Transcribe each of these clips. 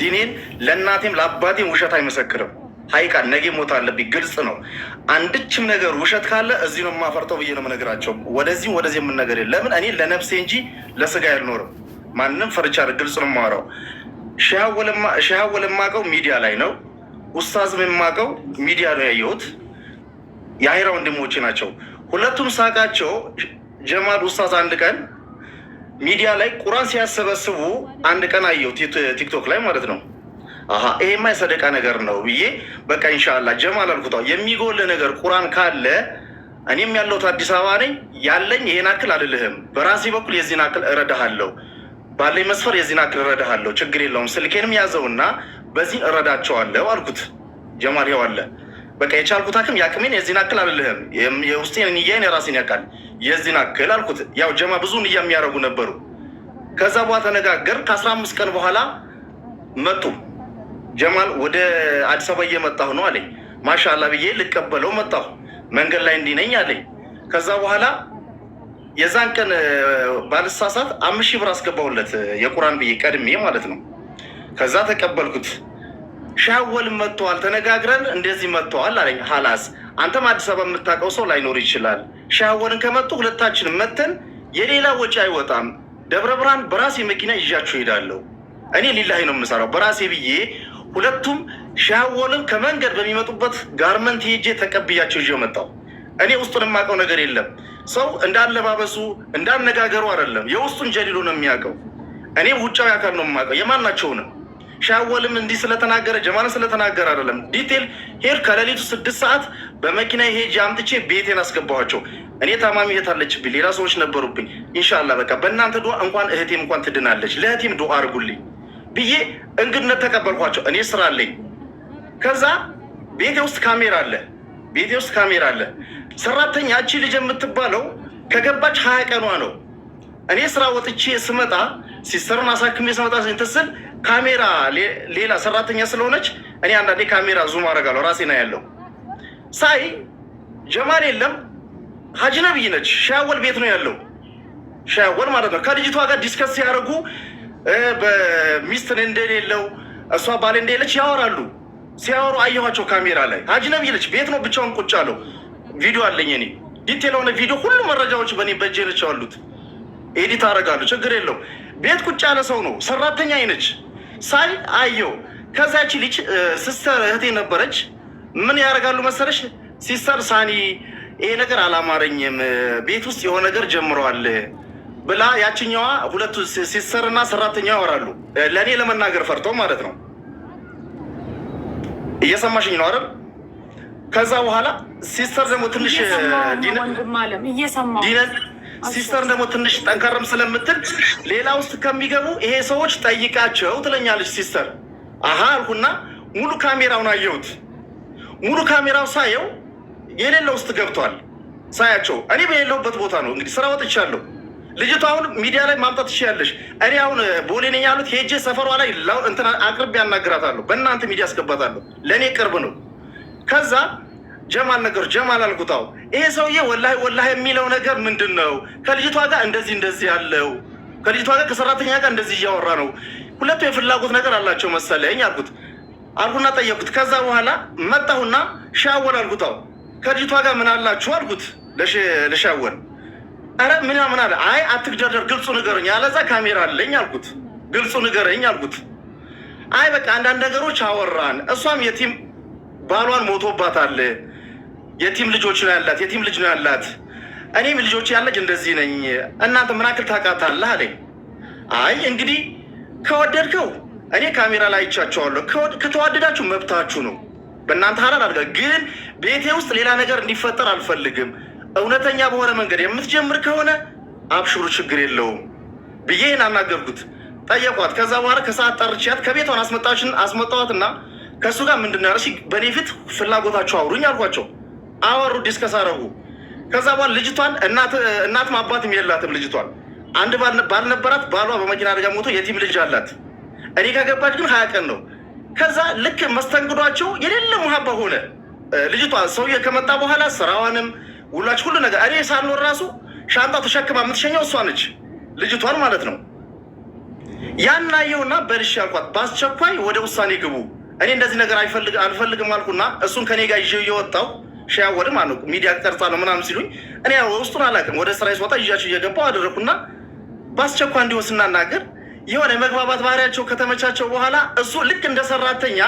ዲኔን ለእናቴም ለአባቴም ውሸት አይመሰክርም። ሀይቃ ነጌ ሞት አለብኝ። ግልጽ ነው። አንድችም ነገር ውሸት ካለ እዚህ ነው የማፈርተው ብዬ ነው የምነግራቸው። ወደዚህም ወደዚህ የምንነገር ለምን እኔ ለነፍሴ እንጂ ለስጋ ያልኖርም ማንም ፈርቻ ግልጽ ነው የማወራው። ሻወል የማውቀው ሚዲያ ላይ ነው። ኡስታዝም የማውቀው ሚዲያ ነው ያየሁት። የሀይራ ወንድሞቼ ናቸው ሁለቱም። ሳቃቸው ጀማል ኡስታዝ አንድ ቀን ሚዲያ ላይ ቁራን ሲያሰበስቡ አንድ ቀን አየው ቲክቶክ ላይ ማለት ነው። አሀ ይሄማ የሰደቃ ነገር ነው ብዬ በቃ እንሻላ ጀማል ላልኩታ የሚጎል ነገር ቁራን ካለ እኔም ያለሁት አዲስ አበባ ነኝ ያለኝ ይሄን አክል አልልህም፣ በራሴ በኩል የዚህን አክል እረዳሃለሁ፣ ባለኝ መስፈር የዚህን አክል እረዳሃለሁ፣ ችግር የለውም ስልኬንም ያዘውና በዚህ እረዳቸዋለሁ አልኩት። ጀማል ይኸው አለ በቃ የቻልኩት አክም የአቅሜን የዚህን አክል አልልህም፣ የውስጤን ንያዬን የራሴን ያውቃል፣ የዚህን አክል አልኩት። ያው ጀማ ብዙ ንያ የሚያደርጉ ነበሩ። ከዛ በኋላ ተነጋገር። ከአስራ አምስት ቀን በኋላ መጡ። ጀማል ወደ አዲስ አበባ እየመጣሁ ነው አለኝ። ማሻላ ብዬ ልቀበለው መጣሁ። መንገድ ላይ እንዲነኝ አለኝ። ከዛ በኋላ የዛን ቀን ባልሳሳት አምስት ሺህ ብር አስገባሁለት የቁራን ብዬ ቀድሜ ማለት ነው። ከዛ ተቀበልኩት። ሻወል መጥተዋል፣ ተነጋግረን እንደዚህ መጥተዋል አለኝ። ሀላስ አንተም አዲስ አበባ የምታውቀው ሰው ላይኖር ይችላል። ሻወልን ከመጡ ሁለታችንም መተን የሌላ ወጪ አይወጣም። ደብረ ብርሃን በራሴ መኪና ይዣችሁ ሄዳለሁ። እኔ ሊላሂ ነው የምሰራው በራሴ ብዬ ሁለቱም ሻወልን ከመንገድ በሚመጡበት ጋርመንት ሄጄ ተቀብያቸው ይዤ መጣሁ። እኔ ውስጡን የማውቀው ነገር የለም። ሰው እንዳለባበሱ እንዳነጋገሩ አይደለም፣ የውስጡን ጀሊሎ ነው የሚያውቀው። እኔ ውጫዊ አካል ነው የማውቀው የማናቸውንም ሻወልም እንዲህ ስለተናገረ ጀማልን ስለተናገረ አይደለም። ዲቴል ሄድ ከሌሊቱ ስድስት ሰዓት በመኪና ሄጄ አምጥቼ ቤቴን አስገባኋቸው። እኔ ታማሚ እህት አለችብኝ፣ ሌላ ሰዎች ነበሩብኝ። እንሻላ በቃ በእናንተ ዱ እንኳን እህቴም እንኳን ትድናለች፣ ለእህቴም ዱ አድርጉልኝ ብዬ እንግድነት ተቀበልኳቸው። እኔ ስራ አለኝ። ከዛ ቤቴ ውስጥ ካሜራ አለ፣ ቤቴ ውስጥ ካሜራ አለ። ሰራተኛ አቺ ልጅ የምትባለው ከገባች ሀያ ቀኗ ነው እኔ ስራ ወጥቼ ስመጣ ሲስተሩን አሳክሜ ስመጣ ስንትስል ካሜራ ሌላ ሰራተኛ ስለሆነች እኔ አንዳንዴ ካሜራ ዙም አደርጋለሁ። ራሴ ና ያለው ሳይ ጀማል የለም ሀጅ ነብይ ነች። ሻወል ቤት ነው ያለው ሻወል ማለት ነው። ከልጅቷ ጋር ዲስከስ ሲያደርጉ በሚስትን እንደሌለው እሷ ባል እንደሌለች ያወራሉ። ሲያወሩ አየኋቸው ካሜራ ላይ። ሀጅ ነብይ ነች ቤት ነው ብቻውን ቁጭ አለው። ቪዲዮ አለኝ እኔ ዲቴል የሆነ ቪዲዮ ሁሉ መረጃዎች በእኔ በእጄ ነች አሉት ኤዲት አደርጋለሁ፣ ችግር የለው። ቤት ቁጭ ያለ ሰው ነው፣ ሰራተኛ አይነች ሳይ አየው። ከዛች ልጅ ሲስተር እህቴ ነበረች። ምን ያደርጋሉ መሰለሽ ሲስተር ሳኒ፣ ይሄ ነገር አላማረኝም፣ ቤት ውስጥ የሆነ ነገር ጀምረዋል ብላ ያችኛዋ፣ ሁለቱ ሲስተር እና ሰራተኛ ያወራሉ። ለእኔ ለመናገር ፈርተው ማለት ነው። እየሰማሽኝ ነው አይደል? ከዛ በኋላ ሲስተር ደግሞ ትንሽ ዲነ ሲስተር ደግሞ ትንሽ ጠንከርም ስለምትል ሌላ ውስጥ ከሚገቡ ይሄ ሰዎች ጠይቃቸው ትለኛለች ሲስተር። አሀ አልኩና ሙሉ ካሜራውን አየሁት። ሙሉ ካሜራው ሳየው የሌለ ውስጥ ገብቷል። ሳያቸው እኔ በሌለውበት ቦታ ነው እንግዲህ ስራ ወጥቻለሁ። ልጅቷ አሁን ሚዲያ ላይ ማምጣት ትችያለሽ። እኔ አሁን ቦሌ ነኝ ያሉት ሄጄ ሰፈሯ ላይ እንትን አቅርቤ ያናግራታለሁ። በእናንተ ሚዲያ አስገባታለሁ። ለእኔ ቅርብ ነው። ከዛ ጀማል ነገር ጀማል አልጉጣው ይሄ ሰውዬ ወላሂ ወላሂ የሚለው ነገር ምንድን ነው? ከልጅቷ ጋር እንደዚህ እንደዚህ ያለው ከልጅቷ ጋር ከሰራተኛ ጋር እንደዚህ እያወራ ነው። ሁለቱ የፍላጎት ነገር አላቸው መሰለኝ አልኩት አልኩና ጠየኩት። ከዛ በኋላ መጣሁና ሻወል አልጉጣው ከልጅቷ ጋር ምን አላችሁ አልኩት ለሻወል። አረ ምን ምን አለ? አይ አትግደርደር፣ ግልጹ ንገረኝ፣ አለዛ ካሜራ አለኝ አልኩት። ግልጹ ንገረኝ አልኩት። አይ በቃ አንዳንድ ነገሮች አወራን። እሷም የቲም ባሏን ሞቶባት የቲም ልጆች ነው ያላት፣ የቲም ልጅ ነው ያላት። እኔም ልጆች ያለች እንደዚህ ነኝ፣ እናንተ ምን አክል ታውቃታለህ አለኝ። አይ እንግዲህ ከወደድከው እኔ ካሜራ ላይ አይቻቸዋለሁ፣ ከተዋደዳችሁ መብታችሁ ነው፣ በእናንተ ሀላል አድርገ ግን ቤቴ ውስጥ ሌላ ነገር እንዲፈጠር አልፈልግም። እውነተኛ በሆነ መንገድ የምትጀምር ከሆነ አብሽሩ፣ ችግር የለውም ብዬ ይህን አናገርኩት፣ ጠየቋት። ከዛ በኋላ ከሰዓት ጠርቻት ከቤቷን አስመጣችን አስመጣዋትና ከእሱ ጋር ምንድን ነው ያለሽ በእኔ ፊት ፍላጎታችሁ አውሩኝ አልኳቸው። አወሩ፣ ዲስከስ አረጉ። ከዛ በኋላ ልጅቷን እናትም አባትም የላትም። ልጅቷን አንድ ባልነበራት ባሏ በመኪና አደጋ ሞቶ የቲም ልጅ አላት። እኔ ከገባች ግን ሀያ ቀን ነው። ከዛ ልክ መስተንግዷቸው የሌለ ሙሀባ ሆነ። ልጅቷ ሰውዬ ከመጣ በኋላ ስራዋንም ውላች ሁሉ ነገር እኔ ሳልኖር ራሱ ሻንጣ ተሸክማ የምትሸኘው እሷ ነች፣ ልጅቷን ማለት ነው። ያናየውና በልሽ ያልኳት በአስቸኳይ ወደ ውሳኔ ግቡ፣ እኔ እንደዚህ ነገር አልፈልግም አልኩና እሱን ከኔ ጋር ይዤው እየወጣው ሻወር ማለት ነው ሚዲያ ቀርጻ ነው ምናምን ሲሉኝ እኔ ውስጡን አላውቅም። ወደ ስራ ስወጣ ይዣቸው እየገባው አደረኩና በአስቸኳይ እንዲሆን ስናናገር የሆነ የመግባባት ባህሪያቸው ከተመቻቸው በኋላ እሱ ልክ እንደ ሰራተኛ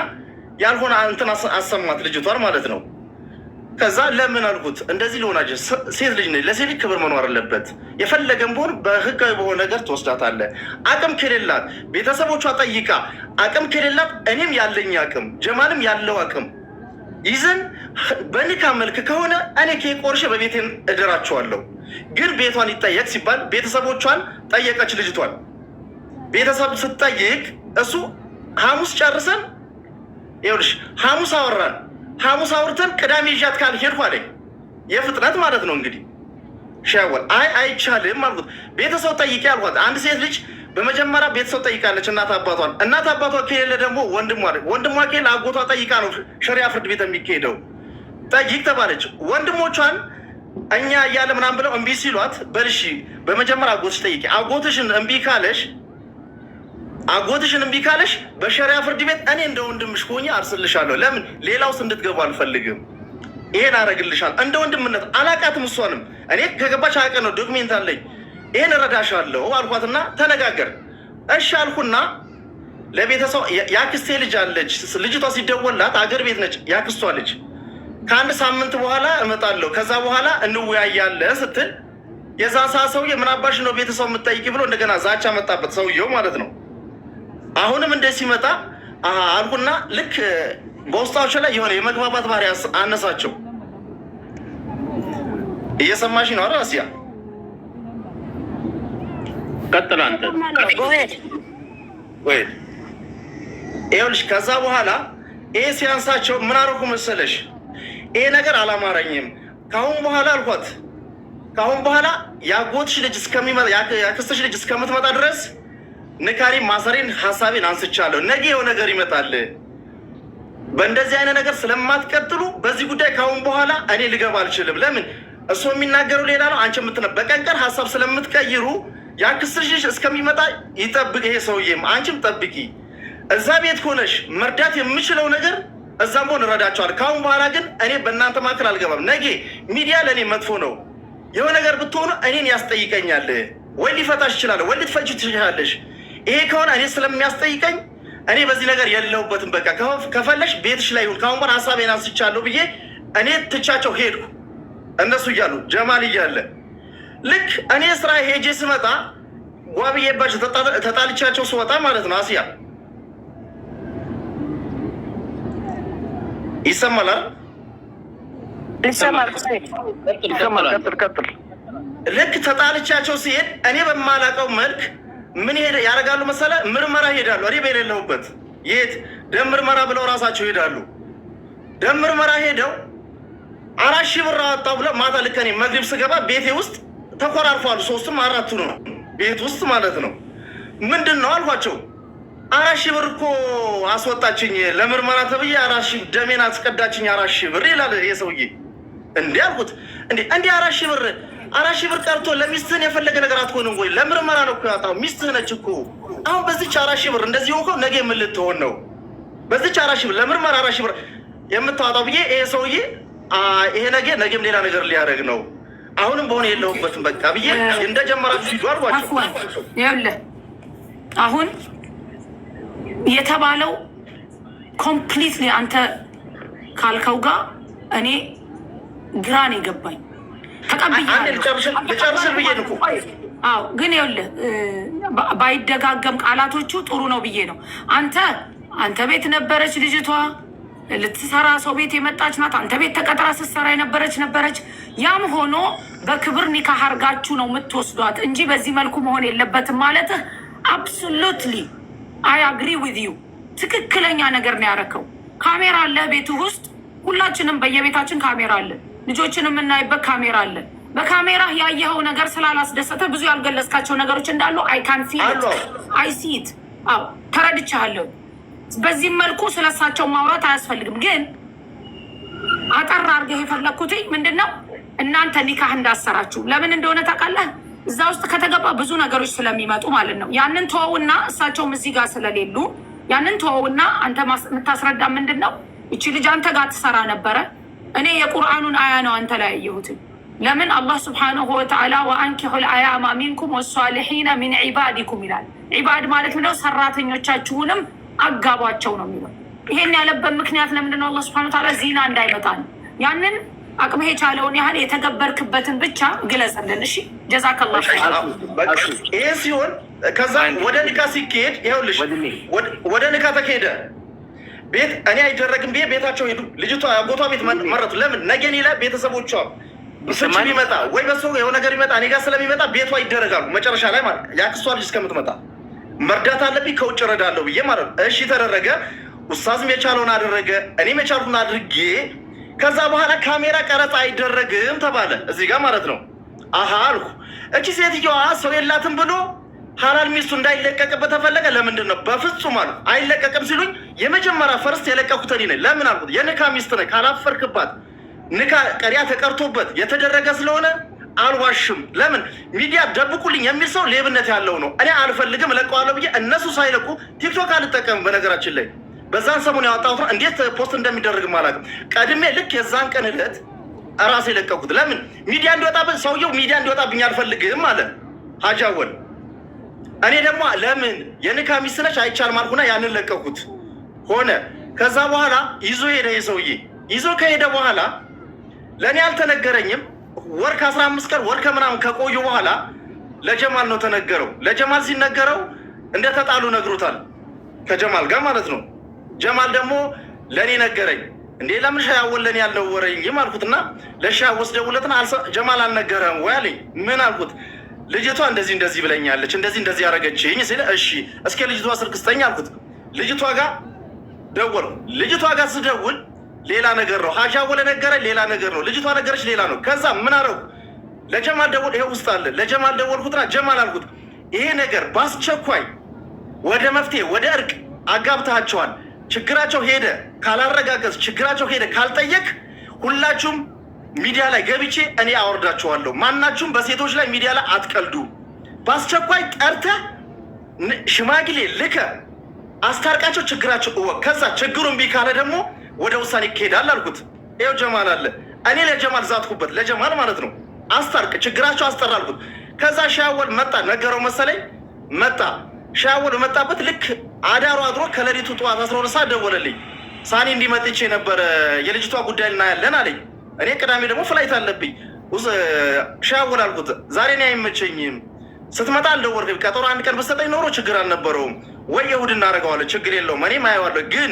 ያልሆነ እንትን አሰማት ልጅቷን ማለት ነው። ከዛ ለምን አልኩት እንደዚህ ሊሆናቸው ሴት ልጅ ነች፣ ለሴት ልጅ ክብር መኖር አለበት። የፈለገን በሆን በህጋዊ በሆነ ነገር ትወስዳታለህ። አቅም ከሌላት ቤተሰቦቿ ጠይቃ፣ አቅም ከሌላት እኔም ያለኝ አቅም ጀማልም ያለው አቅም ይዘን በኒካ መልክ ከሆነ እኔ ኬ በቤቴን እድራቸዋለሁ። ግን ቤቷን ይጠየቅ ሲባል ቤተሰቦቿን ጠየቀች ልጅቷን። ቤተሰብ ስትጠይቅ እሱ ሐሙስ ጨርሰን ይኸውልሽ ሐሙስ አወራን። ሐሙስ አውርተን ቅዳሜ ይዣት ካልሄድኩ አለኝ። የፍጥነት ማለት ነው እንግዲህ ሻወል አይ አይቻልም ቤተሰብ ጠይቄ አልኳት። አንድ ሴት ልጅ በመጀመሪያ ቤተሰብ ጠይቃለች፣ እናት አባቷን። እናት አባቷ ከሌለ ደግሞ ወንድሟ ወንድሟ ከሌለ አጎቷ ጠይቃ ነው ሸሪያ ፍርድ ቤት የሚካሄደው። ጠይቅ ተባለች። ወንድሞቿን እኛ እያለ ምናምን ብለው እምቢ ሲሏት በልሺ በመጀመሪያ አጎትሽ ጠይቂ፣ አጎትሽን እምቢ ካለሽ አጎትሽን እምቢ ካለሽ በሸሪያ ፍርድ ቤት እኔ እንደ ወንድምሽ ሆኜ አርስልሻለሁ። ለምን ሌላ ውስጥ እንድትገቡ አልፈልግም። ይሄን አረግልሻል እንደ ወንድምነት አላቃትም። እሷንም እኔ ከገባች አቀ ነው ዶክሜንት አለኝ ይህን እረዳሻለሁ አልኳትና ተነጋገር እሺ አልኩና ለቤተሰብ ያክስቴ ልጅ አለች። ልጅቷ ሲደወላት አገር ቤት ነች ያክስቷ ልጅ። ከአንድ ሳምንት በኋላ እመጣለሁ ከዛ በኋላ እንወያያለን ስትል የዛ ሳ ሰውዬ ምን አባሽ ነው ቤተሰብ የምታይቂ ብሎ እንደገና ዛቻ መጣበት ሰውየው ማለት ነው። አሁንም እንደ ሲመጣ አልኩና ልክ በውስጣዎች ላይ የሆነ የመግባባት ባህሪ አነሳቸው። እየሰማሽ ነው አረ አስያ ቀጥል አንተ ይኸውልሽ። ከዛ በኋላ ይሄ ሲያንሳቸው ምን አደረጉ መሰለሽ? ይሄ ነገር አላማረኝም ከአሁን በኋላ አልኳት። ከአሁን በኋላ ያጎትሽ ልጅ እስከሚመጣ ያክስትሽ ልጅ እስከምትመጣ ድረስ ንካሪ ማሰሬን ሀሳቤን አንስቻለሁ። ነገ የው ነገር ይመጣል። በእንደዚህ አይነት ነገር ስለማትቀጥሉ በዚህ ጉዳይ ከአሁን በኋላ እኔ ልገባ አልችልም። ለምን እሱ የሚናገረው ሌላ ነው፣ አንቺ የምትነ በቀን ቀን ሀሳብ ስለምትቀይሩ ያክስትሽ እስከሚመጣ ይጠብቅ ይሄ ሰውዬም፣ አንቺም ጠብቂ። እዛ ቤት ሆነሽ መርዳት የምችለው ነገር እዛም ሆን እረዳቸዋል። ከአሁን በኋላ ግን እኔ በእናንተ መካከል አልገባም። ነጌ ሚዲያ ለእኔ መጥፎ ነው። የሆነ ነገር ብትሆኑ እኔን ያስጠይቀኛል። ወይ ሊፈታሽ ይችላል፣ ወይ ልትፈጅ ትችላለሽ። ይሄ ከሆነ እኔ ስለሚያስጠይቀኝ እኔ በዚህ ነገር የለሁበትም። በቃ ከፈለሽ ቤትሽ ላይ ይሁን። ከአሁን በኋላ ሀሳቤን አንስቻለሁ ብዬ እኔ ትቻቸው ሄድኩ። እነሱ እያሉ ጀማል እያለ ልክ እኔ ስራ ሄጄ ስመጣ ዋብዬባቸው ተጣልቻቸው ስወጣ ማለት ነው። አስያ ይሰማላል፣ ልክ ተጣልቻቸው ሲሄድ እኔ በማላቀው መልክ ምን ያደርጋሉ መሰለ? ምርመራ ይሄዳሉ። እኔ በሌለሁበት የት ደም ምርመራ ብለው ራሳቸው ይሄዳሉ። ደም ምርመራ ሄደው አራት ሺህ ብር አወጣው ብለው ማታ ልክ እኔ መግሪብ ስገባ ቤቴ ውስጥ ተኮራርፏል። ሶስቱም አራቱ ነው ቤት ውስጥ ማለት ነው። ምንድን ነው አልኳቸው። አራት ሺህ ብር እኮ አስወጣችኝ ለምርመራ ተብዬ አራት ሺህ ደሜን አስቀዳችኝ አራት ሺህ ብር ይላል የሰውዬ። እንዲህ አልኩት። እንዴ እንዴ አራት ሺህ ብር አራት ሺህ ብር ቀርቶ ለሚስትህን የፈለገ ነገር አትሆንም ወይ? ለምርመራ ነው እኮ ያጣው ሚስትህ ነች እኮ። አሁን በዚች አራት ሺህ ብር እንደዚህ ሆንከው ነገ የምልትሆን ልትሆን ነው? በዚች አራት ሺህ ብር ለምርመራ አራት ሺህ ብር የምታወጣው ብዬ ይሄ ሰውዬ ይሄ ነገ ነገም ሌላ ነገር ሊያደርግ ነው አሁንም በሆነ የለሁበትም በቃ ብዬ እንደጀመራችሁ ሂዱ ይኸውልህ አሁን የተባለው ኮምፕሊትሊ አንተ ካልከው ጋር እኔ ግራን የገባኝ ተቀብያልጨርስር ብዬ አዎ ግን ይኸውልህ ባይደጋገም ቃላቶቹ ጥሩ ነው ብዬ ነው። አንተ አንተ ቤት ነበረች ልጅቷ ልትሰራ ሰው ቤት የመጣች ናት። አንተ ቤት ተቀጥራ ስትሰራ የነበረች ነበረች ያም ሆኖ በክብር ኒካህ አርጋችሁ ነው የምትወስዷት እንጂ በዚህ መልኩ መሆን የለበትም ማለት አብሶሉትሊ አይ አግሪ ዊዝ ዩ ትክክለኛ ነገር ነው ያረከው። ካሜራ አለ ቤቱ ውስጥ ሁላችንም በየቤታችን ካሜራ አለ። ልጆችን የምናይበት ካሜራ አለ። በካሜራ ያየኸው ነገር ስላላስደሰተ ብዙ ያልገለጽካቸው ነገሮች እንዳሉ አይ ካን አይ አዎ ተረድቻለሁ። በዚህም መልኩ ስለሳቸው ማውራት አያስፈልግም። ግን አጠር አድርገህ የፈለግኩትኝ ምንድን ነው እናንተ ኒካህ እንዳሰራችሁ ለምን እንደሆነ ታውቃለህ? እዛ ውስጥ ከተገባ ብዙ ነገሮች ስለሚመጡ ማለት ነው። ያንን ተወውና እሳቸውም እዚህ ጋር ስለሌሉ ያንን ተወውና አንተ የምታስረዳ ምንድን ነው? እቺ ልጅ አንተ ጋር ትሰራ ነበረ። እኔ የቁርአኑን አያ ነው አንተ ላይ ያየሁትን። ለምን አላህ ስብሓንሁ ወተዓላ ወአንኪሑ ልአያማ ሚንኩም ወሳሊሒነ ሚን ዒባዲኩም ይላል። ዒባድ ማለት ምንድነው? ሰራተኞቻችሁንም አጋቧቸው ነው የሚለው። ይሄን ያለበት ምክንያት ለምንድነው? አላህ ስብሓንሁ ወተዓላ ዚና እንዳይመጣ ነው ያንን አቅምህ የቻለውን ያህል የተገበርክበትን ብቻ ግለጽልን። እሺ ጀዛከላ። ይሄ ሲሆን ከዛ ወደ ንካ ሲካሄድ ይኸውልሽ፣ ወደ ንካ ተካሄደ ቤት እኔ አይደረግም ብዬ ቤታቸው ሄዱ። ልጅቷ አጎቷ ቤት መረቱ። ለምን ነገን እኔ ቤተሰቦቿ ስች ቢመጣ ወይ በሱ የሆነ ነገር ይመጣ እኔ ጋር ስለሚመጣ ቤቷ ይደረጋሉ። መጨረሻ ላይ ማለት ያክሷ ልጅ እስከምትመጣ መርዳት አለብኝ፣ ከውጭ እረዳለሁ ብዬ ማለት ነው። እሺ ተደረገ። ኡስታዝም የቻለውን አደረገ፣ እኔም የቻልኩን አድርጌ ከዛ በኋላ ካሜራ ቀረጻ አይደረግም ተባለ። እዚህ ጋር ማለት ነው። አሀ አልኩ። እቺ ሴትዮዋ ሰው የላትም ብሎ ሀላል ሚስቱ እንዳይለቀቅበት ተፈለገ። ለምንድን ነው? በፍጹም አሉ አይለቀቅም ሲሉኝ የመጀመሪያ ፈርስት የለቀኩት እኔ ነኝ። ለምን አልኩት። የንካ ሚስት ነ ካላፈርክባት ንካ ቀሪያ ተቀርቶበት የተደረገ ስለሆነ አልዋሽም። ለምን ሚዲያ ደብቁልኝ የሚል ሰው ሌብነት ያለው ነው። እኔ አልፈልግም፣ እለቀዋለሁ ብዬ እነሱ ሳይለቁ ቲክቶክ አልጠቀምም። በነገራችን ላይ በዛን ሰሞን ያወጣሁት እንዴት ፖስት እንደሚደረግም አላውቅም። ቀድሜ ልክ የዛን ቀን ዕለት ራሴ የለቀኩት ለምን ሚዲያ እንዲወጣ ሰውየው ሚዲያ እንዲወጣብኝ አልፈልግም አለ ሀጃወል። እኔ ደግሞ ለምን የንካ ሚስነች አይቻልም አልኩና ያንን ለቀኩት ሆነ። ከዛ በኋላ ይዞ ሄደ የሰውዬ ይዞ ከሄደ በኋላ ለእኔ አልተነገረኝም። ወር ከአስራ አምስት ቀን ወር ከምናምን ከቆዩ በኋላ ለጀማል ነው ተነገረው። ለጀማል ሲነገረው እንደተጣሉ ነግሮታል ከጀማል ጋር ማለት ነው። ጀማል ደግሞ ለእኔ ነገረኝ። እንዴ ለምን ሻያወል ለእኔ አልነገረኝም አልኩትና ለሻያወስ ደውለትና ጀማል አልነገረም ወይ አለኝ። ምን አልኩት ልጅቷ እንደዚህ እንደዚህ ብለኛለች፣ እንደዚህ እንደዚህ ያደረገችኝ ሲል እሺ እስኪ ልጅቷ ስልክ ስጠኝ አልኩት። ልጅቷ ጋር ደወልኩ። ልጅቷ ጋር ስደውል ሌላ ነገር ነው። ሻያወል ነገረኝ ሌላ ነገር ነው። ልጅቷ ነገረች ሌላ ነው። ከዛ ምን አረው ለጀማል ደወል ይሄ ውስጥ አለ። ለጀማል ደወልኩትና ጀማል አልኩት ይሄ ነገር በአስቸኳይ ወደ መፍትሄ ወደ እርቅ አጋብታቸዋል ችግራቸው ሄደ ካላረጋገዝ ችግራቸው ሄደ ካልጠየቅ ሁላችሁም ሚዲያ ላይ ገብቼ እኔ አወርዳችኋለሁ። ማናችሁም በሴቶች ላይ ሚዲያ ላይ አትቀልዱ። በአስቸኳይ ጠርተ ሽማግሌ ልከ አስታርቃቸው፣ ችግራቸው እወቅ። ከዛ ችግሩ እምቢ ካለ ደግሞ ወደ ውሳኔ ይካሄዳል አልኩት። ይኸው ጀማል አለ። እኔ ለጀማል ዛትኩበት፣ ለጀማል ማለት ነው። አስታርቅ፣ ችግራቸው አስጠራ አልኩት። ከዛ ሻወል መጣ ነገረው መሰለኝ መጣ ሻወል መጣበት ልክ አዳሩ አድሮ ከሌሊቱ ጠዋት አስራ ሁለት ሰዓት ደወለልኝ። ሳኒ እንዲመጥቼ የነበረ የልጅቷ ጉዳይ እናያለን አለኝ። እኔ ቅዳሜ ደግሞ ፍላይት አለብኝ ሻያወል አልኩት። ዛሬ እኔ አይመቸኝም ስትመጣ አልደወልክም። ቀጠሮ አንድ ቀን በሰጠኝ ኖሮ ችግር አልነበረውም ወይ እሑድ እናደርገዋለን፣ ችግር የለውም እኔም አየዋለሁ። ግን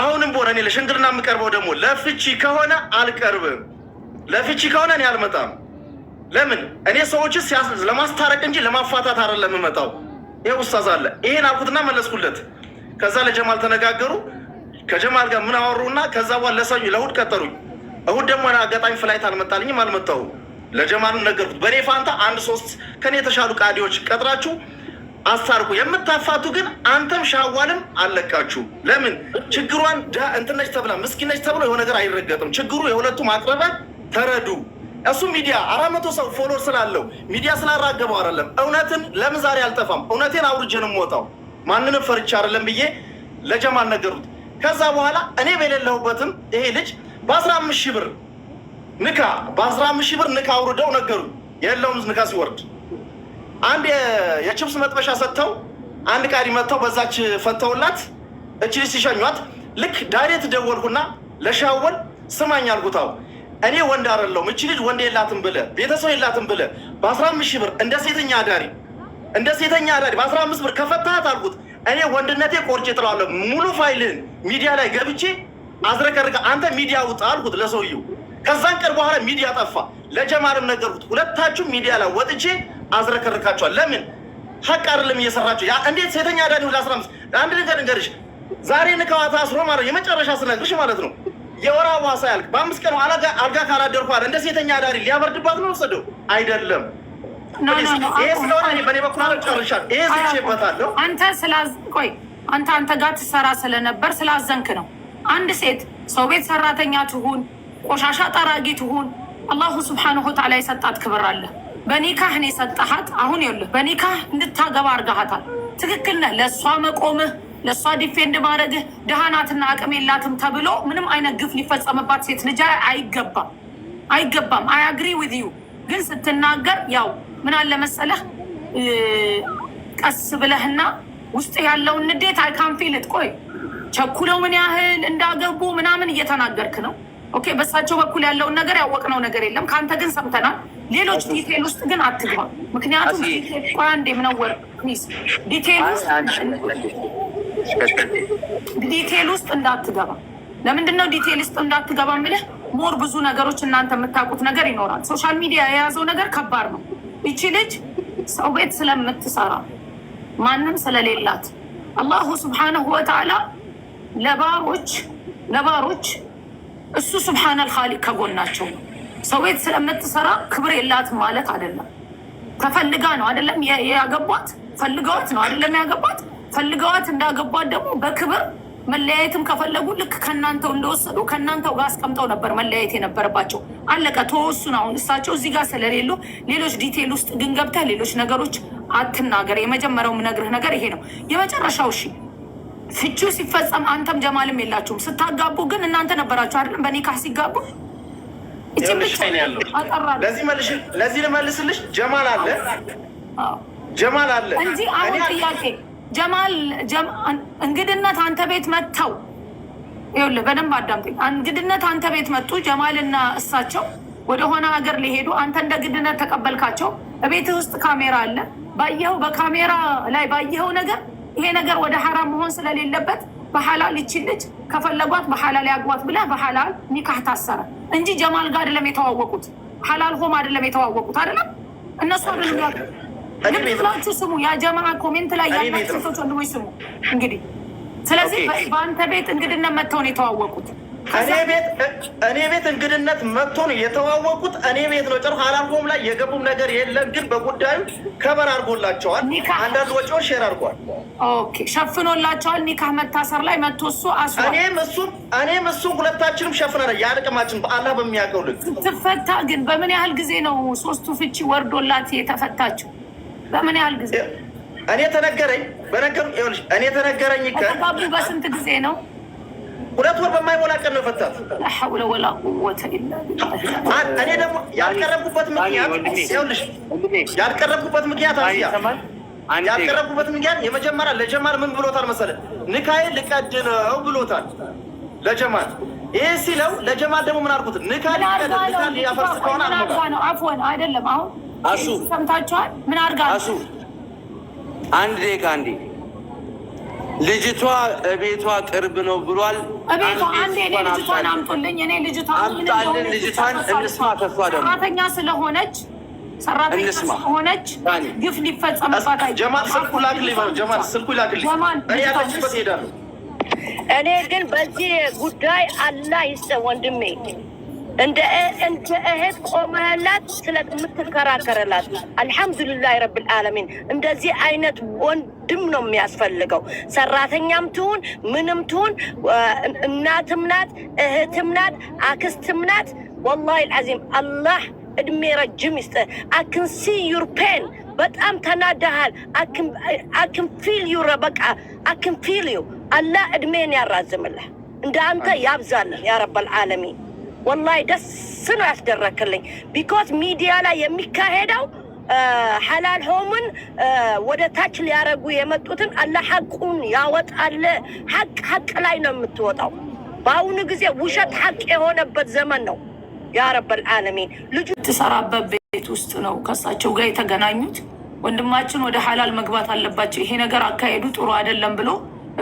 አሁንም በሆነ እኔ ለሽንግልና የምቀርበው ደግሞ ለፍቺ ከሆነ አልቀርብም። ለፍቺ ከሆነ እኔ አልመጣም። ለምን እኔ ሰዎች ለማስታረቅ እንጂ ለማፋታት አይደለም የምመጣው። ይሄ ውስታዝ አለ ይሄን አልኩትና መለስኩለት። ከዛ ለጀማል ተነጋገሩ። ከጀማል ጋር ምን አወሩና ከዛ በኋላ ለሰኞ ለእሑድ ቀጠሩኝ። እሁድ ደግሞ አጋጣሚ ፍላይት አልመጣልኝም፣ አልመጣሁም። ለጀማሉ ነገርኩት። በእኔ ፋንታ አንድ ሶስት ከኔ የተሻሉ ቃዲዎች ቀጥራችሁ አስታርቁ። የምታፋቱ ግን አንተም ሻዋልም አለቃችሁ። ለምን ችግሯን እንትነች ተብላ ምስኪነች ተብሎ የሆነ ነገር አይረገጥም። ችግሩ የሁለቱም አቅርበ ተረዱ። እሱ ሚዲያ አራት መቶ ሰው ፎሎወር ስላለው ሚዲያ ስላራገበው አይደለም። እውነትን ለምን ዛሬ አልጠፋም? እውነቴን አውርጀን ወጣው ማንንም ፈርቻ አይደለም ብዬ ለጀማል ነገሩት። ከዛ በኋላ እኔ በሌለሁበትም ይሄ ልጅ በአስራ አምስት ሺህ ብር ንካ በአስራ አምስት ሺህ ብር ንካ አውርደው ነገሩ የለውም። ንካ ሲወርድ አንድ የችብስ መጥበሻ ሰጥተው አንድ ቃሪ መጥተው በዛች ፈተውላት እችሊ ሲሸኟት ልክ ዳይሬክት ደወልኩና ለሻወል ስማኝ አልኩታው እኔ ወንድ አይደለሁም እቺ ልጅ ወንድ የላትም ብለ ቤተሰብ የላትም ብለ በአስራ አምስት ሺህ ብር እንደ ሴተኛ አዳሪ እንደ ሴተኛ አዳሪ በአስራ አምስት ብር ከፈታት አልኩት። እኔ ወንድነቴ ቆርጬ ጥለዋለሁ። ሙሉ ፋይልን ሚዲያ ላይ ገብቼ አዝረከርከ አንተ ሚዲያ ውጣ አልኩት ለሰውየው። ከዛን ቀን በኋላ ሚዲያ ጠፋ። ለጀማርም ነገርኩት። ሁለታችሁም ሚዲያ ላይ ወጥቼ አዝረከርካቸዋል። ለምን ሀቅ አይደለም እየሰራቸው እንዴት ሴተኛ አዳሪ ለአስራ አምስት አንድ ነገር ንገርሽ ዛሬ ንካዋታ ታስሮ ማለት የመጨረሻ ስነግርሽ ማለት ነው የወር አበባ ሳያልቅ በአምስት ቀን አልጋ ካላደርኩ አለ እንደ ሴተኛ አዳሪ ሊያበርድባት ነው ወሰደው አይደለም። ይሄ ስለሆነ በእኔ በኩል ጨርሻለሁ። ይሄ ዝቼበታለሁ። አንተ ቆይ አንተ አንተ ጋር ትሰራ ስለነበር ስላዘንክ ነው። አንድ ሴት ሰው ቤት ሰራተኛ ትሁን፣ ቆሻሻ ጠራጊ ትሁን፣ አላሁ ስብሓንሁ ተዓላ የሰጣት ክብር አለ። በኒካህ ነው የሰጠሃት። አሁን ይኸውልህ በኒካህ እንድታገባ አድርገሃታል። ትክክል ነህ። ለእሷ መቆምህ ለእሷ ዲፌንድ ማድረግ ድሃ አቅም የላትም ተብሎ ምንም አይነት ግፍ ሊፈጸምባት ሴት ልጅ አይገባም፣ አይገባም። አይ አግሪ ዊዝ ዩ ግን ስትናገር ያው ምን አለ መሰለህ ቀስ ብለህና ውስጥ ያለውን ንዴት አይካንፊልት ቆይ ቸኩለው ምን ያህል እንዳገቡ ምናምን እየተናገርክ ነው። ኦኬ በእሳቸው በኩል ያለውን ነገር ያወቅነው ነገር የለም። ከአንተ ግን ሰምተናል። ሌሎች ዲቴል ውስጥ ግን አትግባ። ምክንያቱም ቆይ አንዴ ምነወር ዲቴል ውስጥ ዲቴል ውስጥ እንዳትገባ። ለምንድን ነው ዲቴል ውስጥ እንዳትገባ የምልህ? ሞር ብዙ ነገሮች እናንተ የምታውቁት ነገር ይኖራል። ሶሻል ሚዲያ የያዘው ነገር ከባድ ነው። ይቺ ልጅ ሰው ቤት ስለምትሰራ ማንም ስለሌላት አላሁ ስብሓነሁ ወተዓላ ለባሮች ለባሮች እሱ ስብሓን አልካሊቅ ከጎናቸው ነው። ሰው ቤት ስለምትሰራ ክብር የላትም ማለት አይደለም። ተፈልጋ ነው አይደለም ያገቧት፣ ፈልገዋት ነው አይደለም ያገቧት ፈልገዋት እንዳገቧት ደግሞ በክብር መለያየትም ከፈለጉ ልክ ከእናንተው እንደወሰዱ ከእናንተው ጋር አስቀምጠው ነበር መለያየት የነበረባቸው። አለቀ። ተወሱን። አሁን እሳቸው እዚህ ጋር ስለሌሉ ሌሎች ዲቴል ውስጥ ግን ገብተህ ሌሎች ነገሮች አትናገር። የመጀመሪያው የምነግርህ ነገር ይሄ ነው። የመጨረሻው እሺ፣ ፍቹ ሲፈጸም አንተም ጀማልም የላችሁም። ስታጋቡ ግን እናንተ ነበራችሁ አይደለም? በኒካህ ሲጋቡ ለዚህ ልመልስልሽ ጀማል አለ ጀማል አለ እንጂ አሁን ጥያቄ ጀማል እንግድነት አንተ ቤት መጥተው ይኸውልህ፣ በደንብ አዳምጠኝ። እንግድነት አንተ ቤት መጡ። ጀማልና እሳቸው ወደሆነ ሀገር ሊሄዱ አንተ እንደ ግድነት ተቀበልካቸው። ቤት ውስጥ ካሜራ አለ። ባየኸው በካሜራ ላይ ባየኸው ነገር ይሄ ነገር ወደ ሀራም መሆን ስለሌለበት በሀላል ይችን ልጅ ከፈለጓት በሀላል ያግባት ብለ በሀላል ኒካህ ታሰረ እንጂ ጀማል ጋር አይደለም የተዋወቁት። ሀላል ሆም አይደለም የተዋወቁት አይደለም እነሱ አይደለም ብላችሁ ስሙ። ያ ጀማዓ ኮሜንት ላይ ያላችሁ ሰዎች ወንድሞች ስሙ። እንግዲህ ስለዚህ በአንተ ቤት እንግድነት መጥተው ነው የተዋወቁት። እኔ ቤት እንግድነት መጥቶ ነው የተዋወቁት። እኔ ቤት ነው አላልኩም ላይ የገቡም ነገር የለም። ግን በጉዳዩ ከበር አድርጎላቸዋል። አንዳንድ ወጪዎች ሼር አድርጓል፣ ሸፍኖላቸዋል። ኒካህ መታሰር ላይ መጥቶ እሱ አስሯል። እኔም እሱ ሁለታችንም ሸፍነናል። የአቅማችን በአላህ በሚያውቀው ልክ ትፈታ። ግን በምን ያህል ጊዜ ነው ሶስቱ ፍቺ ወርዶላት የተፈታችው? በምን ያህል ጊዜ እኔ ተነገረኝ በነገር እኔ ተነገረኝ ከባቡ በስንት ጊዜ ነው? ሁለት ወር በማይሞላ ቀን ነው ፈታት። ሐውለ ወላ ቁወተ ኢላ ቢላህ። እኔ ደግሞ ያልቀረብኩበት ምክንያት ይኸውልሽ፣ ያልቀረብኩበት ምክንያት አያ ያልቀረብኩበት ምክንያት የመጀመሪያ ለጀማል ምን ብሎታል መሰለ ንካዬ ልቀድ ነው ብሎታል ለጀማል ይህ ሲለው፣ ለጀማል ደግሞ ምን አልኩት ንካ ሊቀድ ሊያፈርስ ከሆነ አልሞላ ነው። አይደለም አሁን አሱ ሰምታችኋል? ምን አድርጋ አሱ አንድ ደቂቃ አንዴ ልጅቷ ቤቷ ቅርብ ነው ብሏል። ቤቷ አንዴ ልጅቷን አምጡልኝ። እኔ ልጅቷን ልጅቷን እንስማ። ተስፋ ደግሞ ሰራተኛ ስለሆነች ሰራተኛ ስለሆነች ግፍ ሊፈጸምባት ጀማል ስልኩ ላክልኝ ነው። ጀማል ስልኩ ላክልኝ ያለችበት ሄዳለሁ። እኔ ግን በዚህ ጉዳይ አላህ ይስጥ ወንድሜ እንደ እህት ቆማ ያላት ስለምትከራከርላት አልሐምዱሊላህ ረብል ዓለሚን። እንደዚህ አይነት ወንድም ነው የሚያስፈልገው። ሰራተኛም ትሁን ምንም ትሁን እናትም ናት፣ እህትም ናት፣ አክስትም ናት። ወላሂ ልዓዚም አላህ እድሜ ረጅም ይስጥ። አክንሲ ዩርፔን በጣም ተናዳሃል። አክንፊል ዩረ በቃ አክንፊል ዩ አላህ እድሜን ያራዝምልህ፣ እንደ አንተ ያብዛልህ ያ ረብል ዓለሚን። ወላሂ ደስ ነው ያስደረክልኝ። ቢኮዝ ሚዲያ ላይ የሚካሄደው ሀላል ሆምን ወደ ታች ሊያረጉ የመጡትን አለ ሐቁን ያወጣል። ሐቅ ሐቅ ላይ ነው የምትወጣው። በአሁኑ ጊዜ ውሸት ሐቅ የሆነበት ዘመን ነው። ያ ረበል ልጁ ትሰራበት ቤት ውስጥ ነው ከእሳቸው ጋር የተገናኙት። ወንድማችን ወደ ሀላል መግባት አለባቸው፣ ይሄ ነገር አካሄዱ ጥሩ አይደለም ብሎ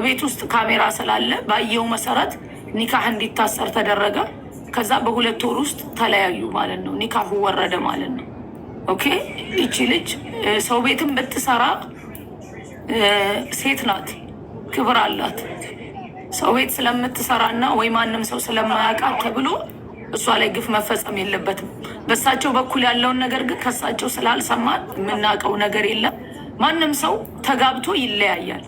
ቤት ውስጥ ካሜራ ስላለ ባየው መሰረት ኒካህ እንዲታሰር ተደረገ። ከዛ በሁለት ወር ውስጥ ተለያዩ ማለት ነው። ኒካሁ ወረደ ማለት ነው። ኦኬ ይቺ ልጅ ሰው ቤትም ብትሰራ ሴት ናት፣ ክብር አላት። ሰው ቤት ስለምትሰራ እና ወይ ማንም ሰው ስለማያውቃት ተብሎ እሷ ላይ ግፍ መፈጸም የለበትም። በእሳቸው በኩል ያለውን ነገር ግን ከእሳቸው ስላልሰማን የምናውቀው ነገር የለም። ማንም ሰው ተጋብቶ ይለያያል።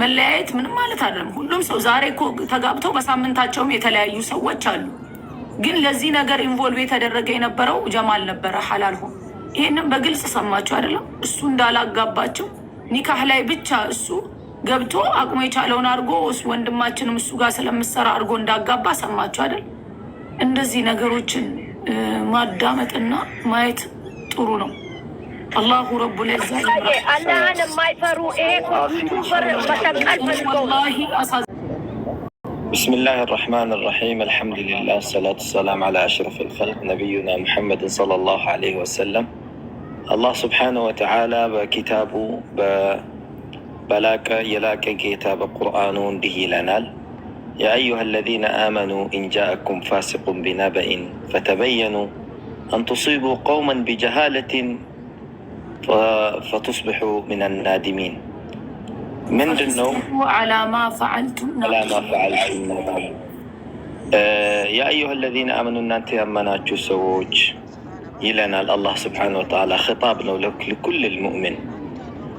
መለያየት ምንም ማለት አይደለም። ሁሉም ሰው ዛሬ እኮ ተጋብተው በሳምንታቸውም የተለያዩ ሰዎች አሉ። ግን ለዚህ ነገር ኢንቮልቭ የተደረገ የነበረው ጀማል ነበረ ሀላል ሆኖ ይህንም በግልጽ ሰማችሁ አይደለም እሱ እንዳላጋባቸው ኒካህ ላይ ብቻ እሱ ገብቶ አቅሙ የቻለውን አድርጎ ወንድማችንም እሱ ጋር ስለምሰራ አድርጎ እንዳጋባ ሰማችሁ አይደል እንደዚህ ነገሮችን ማዳመጥና ማየት ጥሩ ነው አላሁ ረቡል ዛ አላህን የማይፈሩ ይሄ ዩቱበር መሰቀል ፈልገው بسم الله الرحمن الرحيم الحمد لله الصلاة والسلام على أشرف الخلق نبينا محمد صلى الله عليه وسلم الله سبحانه وتعالى بكتابه بلاك يلاك كتاب قرآن به لنال يا أيها الذين آمنوا إن جاءكم فاسق بنبأ فتبينوا أن تصيبوا قوما بجهالة فتصبحوا من النادمين ምንድን ነው አላማ ፈዓልቱም ያ አዩሀ ለዚነ አመኑ እናንተ ያመናችሁ ሰዎች ይለናል አላህ ስብሓነ ወተዓላ። ኺጣብ ነው ለኩል ልሙእሚን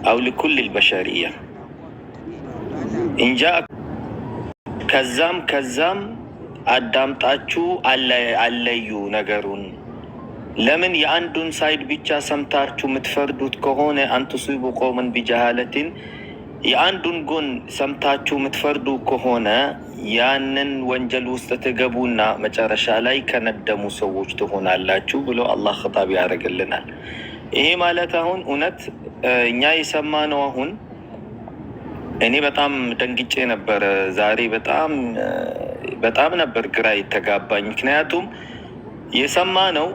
አው ለኩል ልበሸርያ እንጃ ከዛም ከዛም አዳምጣችሁ አለዩ ነገሩን ለምን የአንዱን ሳይድ ብቻ ሰምታችሁ የምትፈርዱት ከሆነ አንቱሲቡ ቆምን ቢጀሃለትን የአንዱን ጎን ሰምታችሁ የምትፈርዱ ከሆነ ያንን ወንጀል ውስጥ ትገቡና መጨረሻ ላይ ከነደሙ ሰዎች ትሆናላችሁ ብሎ አላህ ክጣብ ያደርግልናል። ይሄ ማለት አሁን እውነት እኛ የሰማነው አሁን እኔ በጣም ደንግጬ ነበር። ዛሬ በጣም በጣም ነበር ግራ የተጋባኝ። ምክንያቱም የሰማነው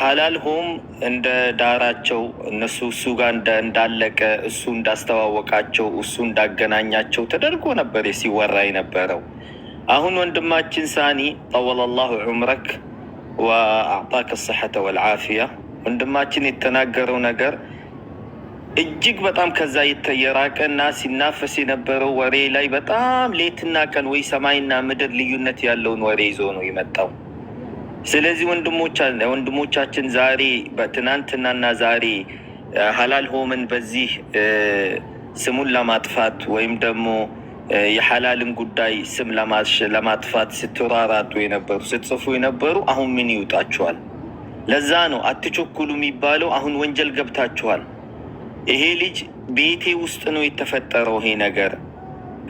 ሀላል ሆም እንደ ዳራቸው እነሱ እሱ ጋር እንዳለቀ እሱ እንዳስተዋወቃቸው እሱ እንዳገናኛቸው ተደርጎ ነበር ሲወራ የነበረው። አሁን ወንድማችን ሳኒ ጠወለላሁ ዑምረክ ወአዕጣከ ሰሐተ ወልዓፊያ ወንድማችን የተናገረው ነገር እጅግ በጣም ከዛ የተየራቀ እና ሲናፈስ የነበረው ወሬ ላይ በጣም ሌትና ቀን ወይ ሰማይና ምድር ልዩነት ያለውን ወሬ ይዞ ነው የመጣው። ስለዚህ ወንድሞቻችን ዛሬ በትናንትናና ዛሬ ሀላል ሆምን በዚህ ስሙን ለማጥፋት ወይም ደግሞ የሀላልን ጉዳይ ስም ለማጥፋት ስትራራጡ የነበሩ ስትጽፉ የነበሩ አሁን ምን ይውጣችኋል? ለዛ ነው አትቸኩሉ የሚባለው። አሁን ወንጀል ገብታችኋል። ይሄ ልጅ ቤቴ ውስጥ ነው የተፈጠረው፣ ይሄ ነገር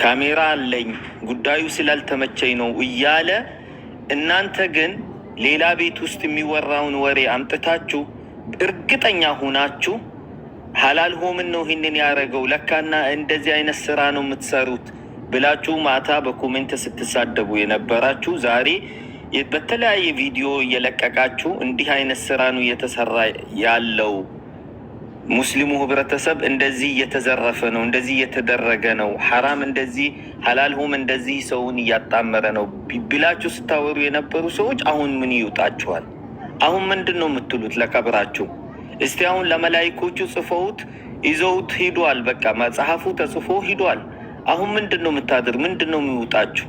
ካሜራ አለኝ፣ ጉዳዩ ስላልተመቸኝ ነው እያለ እናንተ ግን ሌላ ቤት ውስጥ የሚወራውን ወሬ አምጥታችሁ እርግጠኛ ሆናችሁ ሀላል ሆምን ነው ይህንን ያደረገው ለካና እንደዚህ አይነት ስራ ነው የምትሰሩት ብላችሁ ማታ በኮሜንት ስትሳደቡ የነበራችሁ ዛሬ በተለያየ ቪዲዮ እየለቀቃችሁ እንዲህ አይነት ስራ ነው እየተሰራ ያለው ሙስሊሙ ህብረተሰብ እንደዚህ እየተዘረፈ ነው፣ እንደዚህ እየተደረገ ነው፣ ሐራም እንደዚህ ሀላልሁም እንደዚህ ሰውን እያጣመረ ነው ቢላችሁ ስታወሩ የነበሩ ሰዎች አሁን ምን ይውጣችኋል? አሁን ምንድን ነው የምትሉት ለቀብራችሁ? እስቲ አሁን ለመላይኮቹ ጽፈውት ይዘውት ሂዷል። በቃ መጽሐፉ ተጽፎ ሂዷል። አሁን ምንድን ነው የምታድር? ምንድን ነው የሚውጣችሁ?